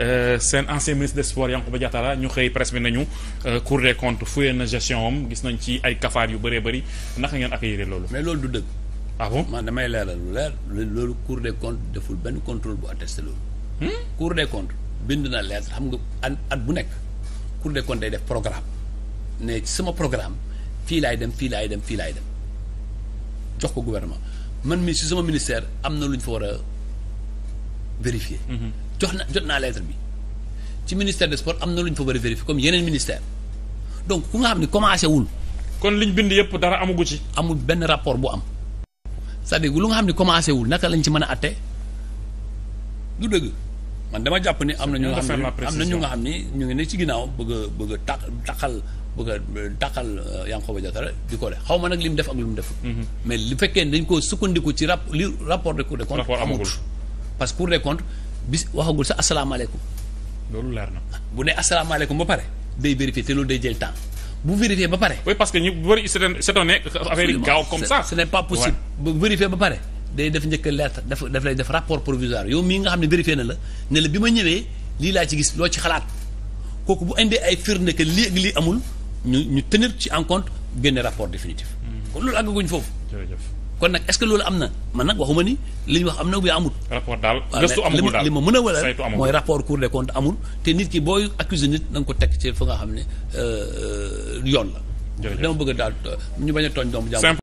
Euh, seen ancien ministre des sports Yankhoba Diattara ñu xëy presse bi nañu euh, cour des comptes fuyee na gestion am gis nañ ci ay kafaar yu bëree bëri naka ngeen accueillir loolu. mais loolu du dëgg. ah bon man damay leeral lu leer loolu cour des comptes deful benn contrôle bu attesté loolu. Hmm? cour des comptes bind na leer xam nga at bu nekk cour des comptes day def programme ne sama programme fii laay dem fii laay dem fii laay dem jox ko gouvernement man mi si sama ministère am na lu ñu fa war a vérifier. jox na jot naa lettre bi ci ministère des sports am na lu ñu fa war a vérifier comme yeneen ministère donc ku nga xam ne commencé wul. kon liñ bind yëpp dara amagu ci. amul benn rapport bu am c'est-à-dire lu nga xam ne commencé wul naka lañ ci mën a atte du dëgg man dama jàpp ni am na ñu nga xam ne am na ñu nga xam ni ñu ngi ne ci ginnaaw bëgg a bëgg a taq taqal bëgg a taqal euh, Yankhoba Diattara di ko de xaw ma nag li mu def ak lu mu deful mhm. mais li fekkee dañ ko sukkandiku ci rapport de Cour des bis waxagul sax asalaamaaleykum. loolu leer na. bu ne asalaamaaleykum ba pare day vérifier te loolu day jël temps bu vérifier ba pare. oui parce que ñu bëri c' est un e, affaire day def njëkk lettre daf daf lay def rapport provisoire yow mii nga xam ne vérifier na la ne la bi ma ñëwee lii laa ci gis loo ci xalaat kooku bu indee ay firnde que lii ak lii amul ñu ñu tenir ci en compte génne rapport définitif. Mm-hmm. kon loolu àggaguñ foofu. kon nag est-ce que loolu am na man nag waxuma ni li ñu wax am na ou bien rapport daal gëstu amul daal li ma mën a wala mooy rapport Cour des comptes amul te nit ki booy accusé nit da nga ko teg ci fa nga xam ne euh, euh, yoon la. dama bëgg daal euh, ñu bañ a tooñ doomu jàmm